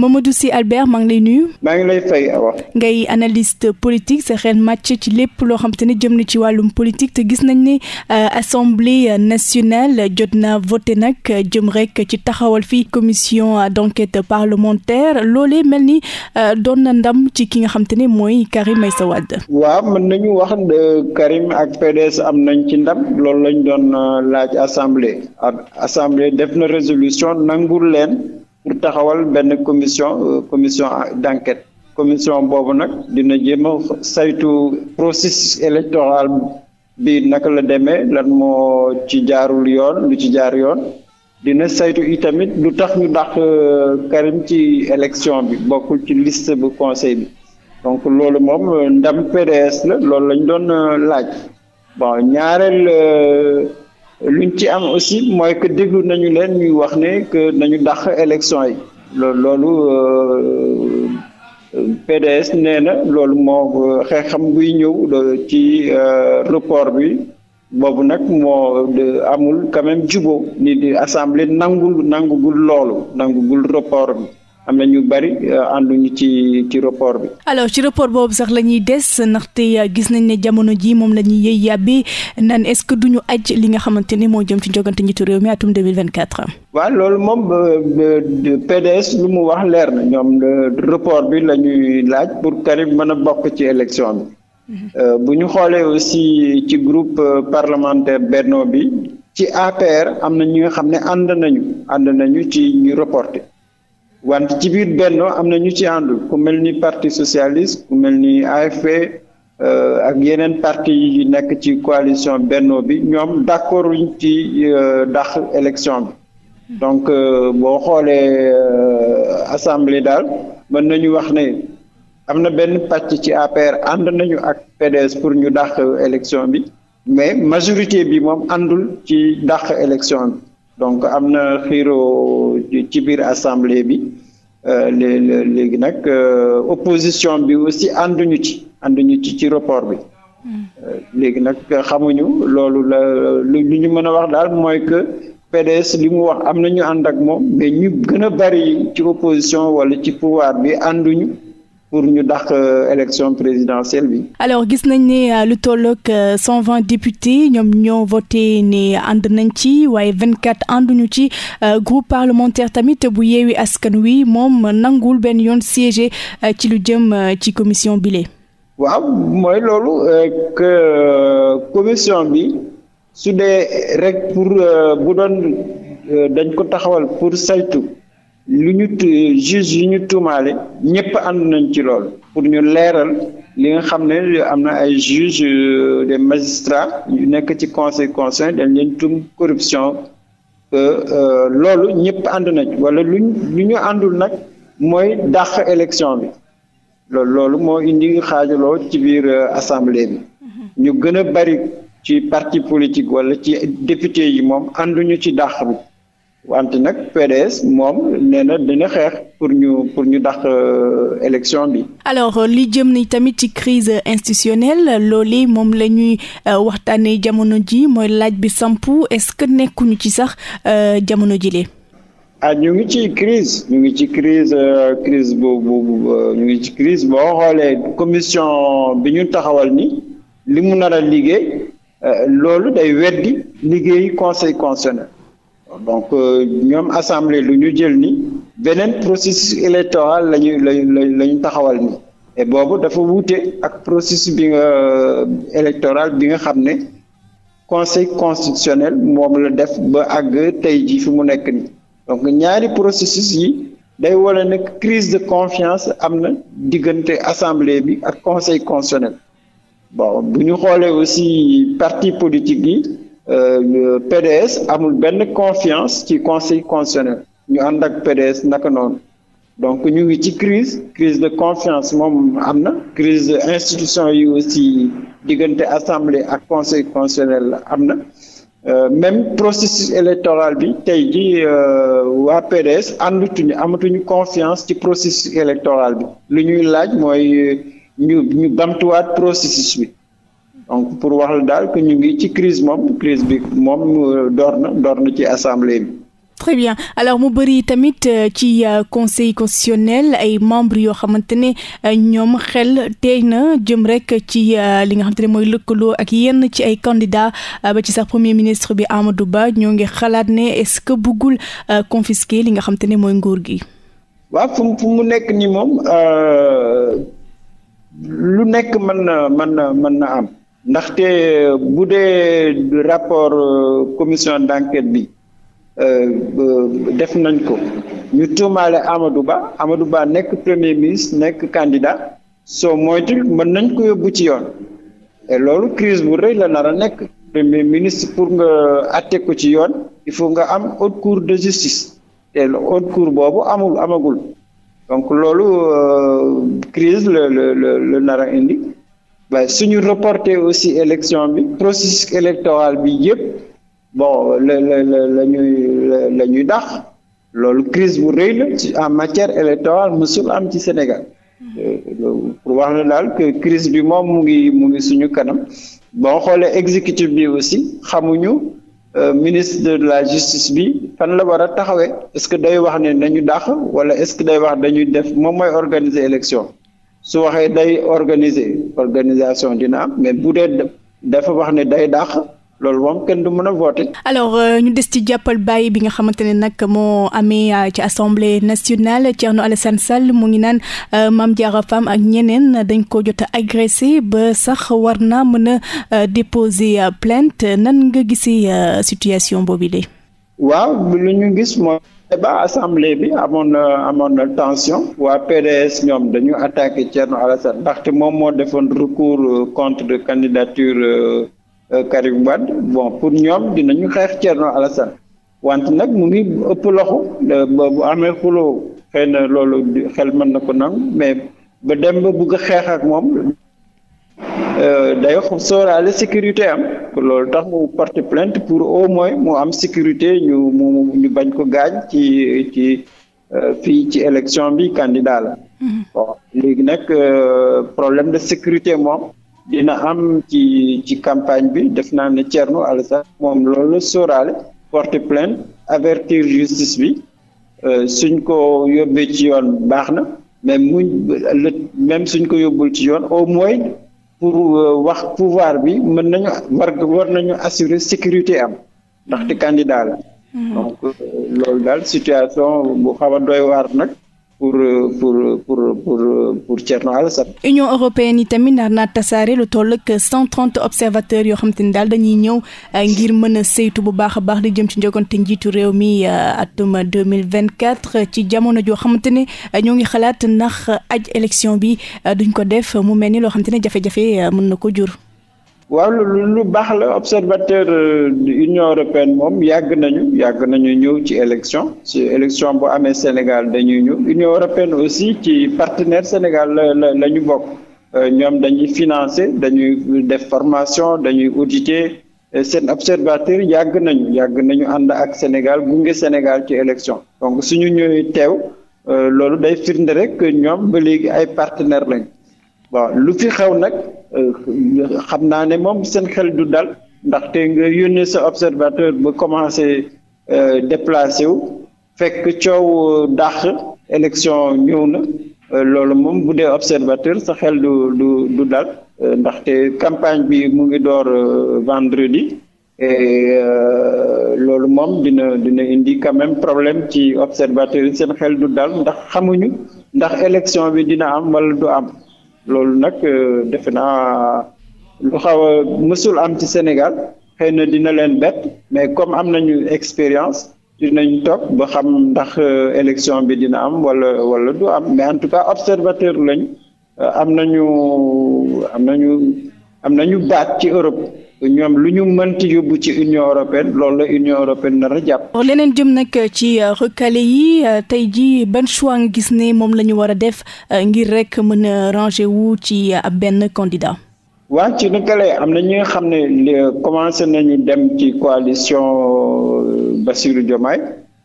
Mamadou Sy Albert maa ngi lay nuyu. maa ngi lay fay ngay analyste politique sa xel màcc ci lépp loo xam te ne jëm na ci wàllum politique te gis nañ ne euh, assemblée nationale jot na vote nag jëm rek ci taxawal fii commission d'enquête parlementaire loolee mel ni euh, doon na ndam ci ki nga xam te ne mooy Karim Meïssa Wade. waaw mën nañu wax de Karim ak PDS am nañ ci ndam loolu lañ doon euh, laaj assemblée assemblée def na résolution nangul leen. pour taxawal benn commission euh, commission d'enquête commission boobu nag dina jéem saytu processus électoral bi naka la demee lan moo ci jaarul yoon lu ci jaar yoon dina saytu itamit lu tax ñu dàq euh, Karim ci élection bi bokkul ci liste bu conseil bi donc loolu moom euh, ndam PDS la loolu lañ doon laaj bon ñaareel luñ ci am aussi mooy que déglu nañu leen ñuy wax ne que nañu dàq élection yi loolu euh, PDS nee na loolu moo xeexam guy ñëw ci euh, report bi boobu nag moo amul quand même jubóo ni di assemblée nangul nangugul loolu nangugul report bi am na ñu bari euh, ànduñu ci ci report bi. alors ci report boobu sax la ñuy des ndaxte euh, gis nañ ne jamono ji moom la ñuy yëy yàbbi nan est-ce que duñu aj li nga xamante ni moo jëm ci jogante njiitu réew mi atum 2024. waaw loolu moom euh, PDS lu mu wax leer na ñoom report bi la ñuy laaj pour Karim mën a bokk ci élection bi. Mhm. bu ñu xoolee aussi ci groupe parlementaire Benno bi ci APR am na ñi nga xam ne ànd nañu ànd nañu ci ñu reporté. wante ci biir Benno am na ñu ci àndul ku mel ni parti socialiste ku mel ni AFP euh, ak yeneen parti yi nekk ci coalition Benno bi ñoom d'accord wuñ ci euh, dàq élection bi donc euh, boo xoolee assemblée daal mën nañu wax ne am na benn pàcc ci APR ànd nañu ak PDS pour ñu dàq élection bi mais majorité bi moom àndul ci dàq élection bi donc am na xiiroo ci biir assemblée bi euh, léegi nag euh, opposition bi aussi ànduñu ci ànduñu ci ci report bi euh, léegi nag xamuñu loolu la lu ñu mën a wax daal mooy que PDS li mu wax am na ñu ànd ak moom mais ñu gën a bari ci opposition wala ci pouvoir bi ànduñu pour ñu dàq euh, élection présidentielle bi. alors gis nañ ne euh, lu tolloog euh, 120 députés ñoom ñoo voté ne ànd nañ ci waaye 24 ànduñu ci groupe parlementaire tamit bu yeewi askan wi moom nangul benn yoon siégé ci lu jëm ci commission bile. waaw mooy loolu que commission bi su dee rek pour bu doon dañ ko taxawal pour saytu. lu ñu juge yi ñu tuumaale ñëpp ànd nañ ci lool pour ñu leeral li nga xam ne am na ay juge euh, des magistrats yu nekk ci conseil conseil dañ leen tuum corruption euh, euh, loolu ñëpp ànd nañ wala lu ñu àndul nag mooy dàq élection bi loolu loolu moo indi xaajaloo ci biir assemblée bi ñu gën a bari ci parti politique wala ci député yi moom ànduñu ci dàq bi wante nag PDS moom nee na dina xeex pour ñu pour ñu dax euh, élection bi. alors euh, li jëm ni tamit ci crise institutionnelle loolee moom la ñuy euh, waxtaanee jamono ji mooy laaj bi samp est-ce que nekkuñu ci sax jamono jile. ah ñu ngi ci crise ñu ngi ci crise crise boobu ñu ngi ci crise boo xoolee commission bi ñu taxawal ni li mu nar a liggéey loolu day weddi liggéey conseil constitutionnel. donc euh, ñoom assemblée lu ñu jël ni beneen processus électoral la ñu la ñu taxawal ni et boobu dafa wuute ak processus bi nga euh, électoral bi nga xam ne conseil constitutionnel moom la def ba àgg tey jii fi mu nekk ni donc ñaari processus yi day wala ne crise de confiance am na diggante assemblée bi ak conseil constitutionnel bon bu ñu xoolee aussi parti politique yi Euh, PDS amul benn confiance ci conseil constitutionnel ñu ànd ak PDS naka noonu donc ñu ngi ci crise crise de confiance moom am na crise de institution yi aussi diggante assemblée ak conseil constitutionnel am na euh, même processus électoral bi tey ji euh, waa PDS àndutuñu amatuñu confiance ci processus électoral bi lu ñuy laaj mooy ñu ñu bamtuwaat processus bi donc pour wax la daal que ñu ngi ci crise moom crise bi moom euh, door na door na ci assemblée bi. très bien alors mu bëri tamit euh, ci euh, conseil constitutionnel ay membres yoo xamante ne ñoom xel tey na jëm rek ci li nga xamte ne mooy lëkkaloo ak yenn ci ay candidats ba ci sax premier ministre bi Amadou Ba ñoo ngi xalaat ne est-ce que bëggul confisquer li nga xamante ne mooy nguur gi. waaw fu fu mu nekk nii moom lu nekk mën na mën na mën na am. ndaxte bu dee rapport euh, commission d'enquête bi euh, def nañ ko ñu tuumaale Amadou Ba Amadou Ba nekk premier ministre nekk candidat soo moytul mën nañ ko bu ci yoon loolu crise bu rëy la nar a nekk premier ministre pour nga atte ko ci yoon il faut nga am haute cour de justice te haute cour boobu amul amagul donc loolu euh, crise la la la a indi ba suñu reporté aussi élection bi processus électoral bi yëpp bon la la la ñuy la dax loolu crise bu rëy la en matière électorale mësul am ci Sénégal euh, pour wax la daal que crise bi moom mu ngi mu ngi suñu kanam boo xoolee exécutif bi aussi xamuñu euh, ministre de la justice bi fan la war a taxawee est-ce que day wax ne nañu dàq wala est-ce que day wax dañuy def moom mooy organiser élection su waxee day organiser organisation dina am mais bu dee dafa wax ne day dàq loolu moom kenn du mën a voter. alors euh, ñu des ci jàppal bàyyi bi nga xamante ne nag moo amee euh, ci assemblée nationale Thierno Alassane Sall mu ngi naan maam euh, Mame a Fam ak ñeneen dañ ko jot a agressé ba sax war naa mën a déposer plainte nan nga gisee situation boobu de. waaw lu ñu gis moom eh bien assemblée bi amoon na amoon na tension waa PDS ñoom dañu attaqué Thierno Alassane ndaxte moom moo defoon recours euh, contre candidature euh, euh, Karim Wade bon pour ñoom dinañu xeex Thierno Alassane wante nag mu ngi ëpp loxo ba bu amee xuloo xëy na loolu xel mën na ko nangu mais ba dem ba bugg a xeex moom. Euh, day sóoraale sécurité am loolu tax mu porte plainte pour au moins mu am sécurité ñu mu ñu bañ ko gaañ ci ci euh, fii ci élection bi candidat la mm-hmm. bon léegi nag euh, problème de sécurité moom dina am ci ci campagne bi def naa ne Thierno Alassane moom loolu la sóoraale porte plainte avertir justice bi suñ ko yóbbee ci yoon baax na mais muñ même suñ ko yóbbul ci yoon au moins pour euh, wax pouvoir bi mën nañu war war nañu assurer sécurité am ndaxte mm-hmm. candidat la. Mm-hmm. donc euh, loolu daal situation bu xaw a doy nag. pour pour pour pour pour Thierno Alassane. Union européenne yi tamit nar naa tasaare lu toll ak cent observateurs yoo xam ni daal dañuy ñëw euh, ngir mën a saytu bu baax a baax li jëm ci njogante njiitu réew mi euh, atum deux mille vingt quatre ci jamono joo xamante ne euh, ñoo ngi xalaat ndax aj élection bi duñ ko def mu mel ni loo xam ne jafe-jafe mën na ko jur. waaw lu lu baax la observateur euh, Union européenne moom yàgg nañu yàgg nañu ñëw ci élection ci élection bu amee Sénégal dañuy ñëw Union européenne aussi ci partenaire Sénégal lañu la bokk euh, ñoom dañuy financer dañuy def formation dañuy auditer seen observateur yàgg nañu yàgg nañu ànd ak Sénégal gunge Sénégal ci élection donc suñu ñëwee teew euh, loolu day firnde rek ñoom ba léegi ay partenaire lañ waaw lu fi xew nag. Euh, xam naa ne moom seen xel du dal ndaxte nga yónnee sa observateur ba commencé euh, déplacé wu fekk coow euh, dàq élection ñëw na loolu moom bu dee observateur sa xel du du du dal ndaxte campagne bi mu ngi door vendredi et loolu moom dina dina indi quand problème ci observateur yi seen xel du dal ndax xamuñu ndax élection bi dina am wala du am loolu nag euh, defe naa lu xaw a mësul am ci Sénégal xëy na dina leen bet mais comme am nañu expérience dinañ topp ba xam ndax euh, élection bi dina am wala wala du am mais en tout cas observateur lañu euh, am nañu am nañu am nañu baat ci Europe ñoom lu ñu mënti yóbbu ci union européenne loolu la union européenne nar a jàpp. leneen jëm nag ci euh, recalé yi euh, tey ji ban choix nga gis ni moom lañu ñu war a def euh, ngir rek mën a ranger wu ci ab benn candidat. waa ci yi am na ñi nga xam ne commencé nañu dem ci coalition Bassirou Diomaye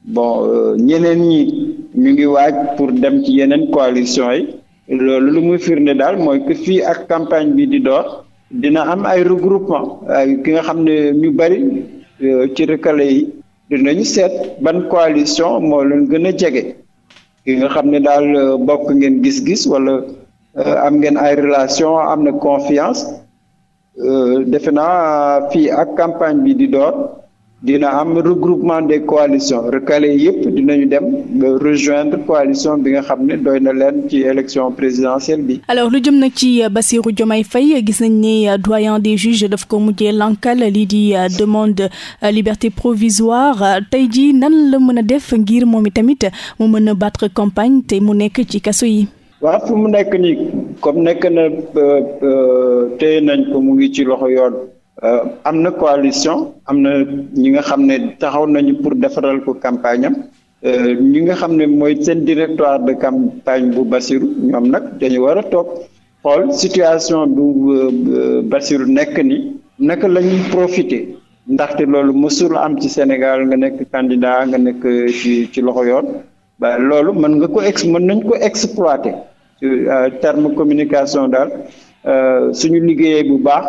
bon ñeneen ñi ñu ngi waaj pour dem ci yeneen coalition yi loolu lu muy firnde daal mooy que fii ak campagne bi di door. dina am ay regroupement ay ki nga xam ne ñu bari euh, ci recalé yi dinañu seet ban coalition moo leen gën a jege ki nga xam ne daal euh, bokk ngeen gis-gis wala euh, am ngeen ay relation am na confiance defe naa fii ak campagne bi di door dina am regroupement des coalitions recalé yëpp dinañu dem ba rejoindre coalition bi nga xam ne doy na leen ci élection présidentielle bi. alors lu jëm nag ci euh, Bassirou jomay Faye euh, gis nañ ni euh, doyan des juges daf ko mujjee lankal lii di demande liberté provisoire tey jii nan la mën a def ngir moom itamit mu mën a battre campagne te mu nekk ci kaso yi. waaw fu mu nekk nii comme nekk na téye nañ ko mu ngi ci loxo yoon. Euh, am na coalition am na ñi nga xam ne taxaw nañu pour defaral ko campagne am euh, ñi nga xam ne mooy seen directoire de campagne bu Bassirou ñoom nag dañu war a toog xool situation bu euh, Bassirou nekk ni naka la ñuy profité ndaxte loolu mësul am ci Sénégal nga nekk candidat nga nekk ci ci loxo yoon loolu mën nga ko ex mën nañ ko exploité ci terme communication daal suñu liggéeyee bu baax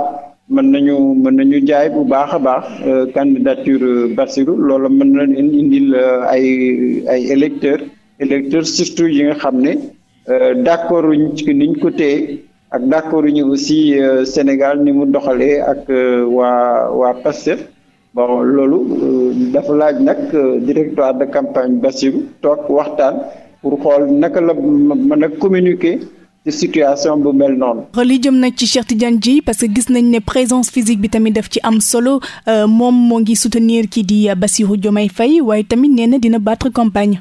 mën nañu mën nañu jaay bu baax a baax euh, candidature euh, Bassirou loolu mën na indil euh, ay ay électeurs électeurs surtout yi nga xam ne d'accord uñ ci niñ ko téye ak d'accord uñu aussi Sénégal ni mu doxalee ak waa waa Pastef bon loolu dafa laaj nag directoire de campagne Bassirou toog waxtaan pour xool naka la mën a communiquer ci situation bu mel noonu. li jëm nag ci Cheikh Tidiane Dièye parce que gis nañ ne présence physique bi tamit def ci am solo euh, moom moo ngi soutenir kii di euh, Bassirou Diomaye fay waaye tamit nee na dina battre campagne.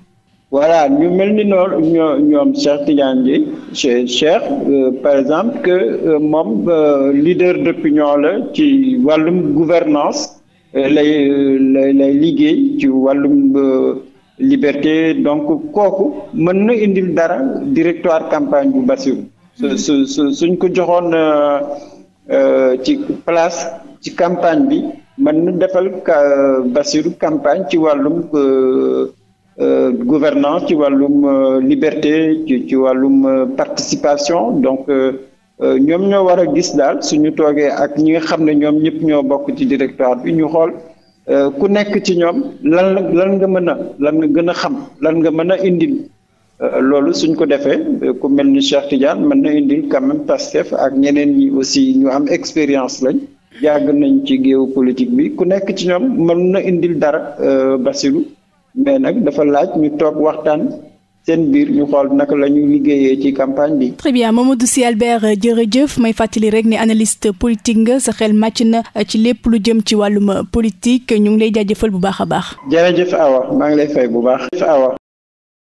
voilà ñu mel ni noonu ñoo ñoom Cheikh Tidiane Dièye euh, par exemple que moom leader d'opinion la ci wàllum gouvernance lay lay liggéey ci wàllum. liberté donc kooku mën na indil dara directoire campagne bu Bassirou su hmm. su suñ ko joxoon euh, euh, ci place ci campagne bi mën na defal euh, Bassirou campagne ci wàllum gouvernance ci wàllum liberté ci ci wàllum participation donc ñoom ñoo war a gis daal suñu toogee ak ñi nga xam ne ñoom ñëpp ñoo bokk ci directoire bi ñu xool Euh, ku nekk ci ñoom lan lan nga mën a lan nga gën a xam lan nga mën a indil euh, loolu suñ ko defee euh, ku mel ni Cheikh Tidiane mën na indil quand même Pastef ak ñeneen ñi aussi ñu am expérience lañ yàgg nañ ci géew politique bi ku nekk ci ñoom mën na indil dara Bassirou mais nag dafa laaj ñu toog waxtaan seen biir ñu xool naka la ñuy liggéeyee ci campagne bi. très bien Mamadou Sy Albert jërëjëf may fàttali rek ne analyste politique nga sa xel màcc na ci lépp lu jëm ci wàllum politique ñu ngi lay jaajëfal bu baax a baax. a Awa maa ngi lay fay bu baax.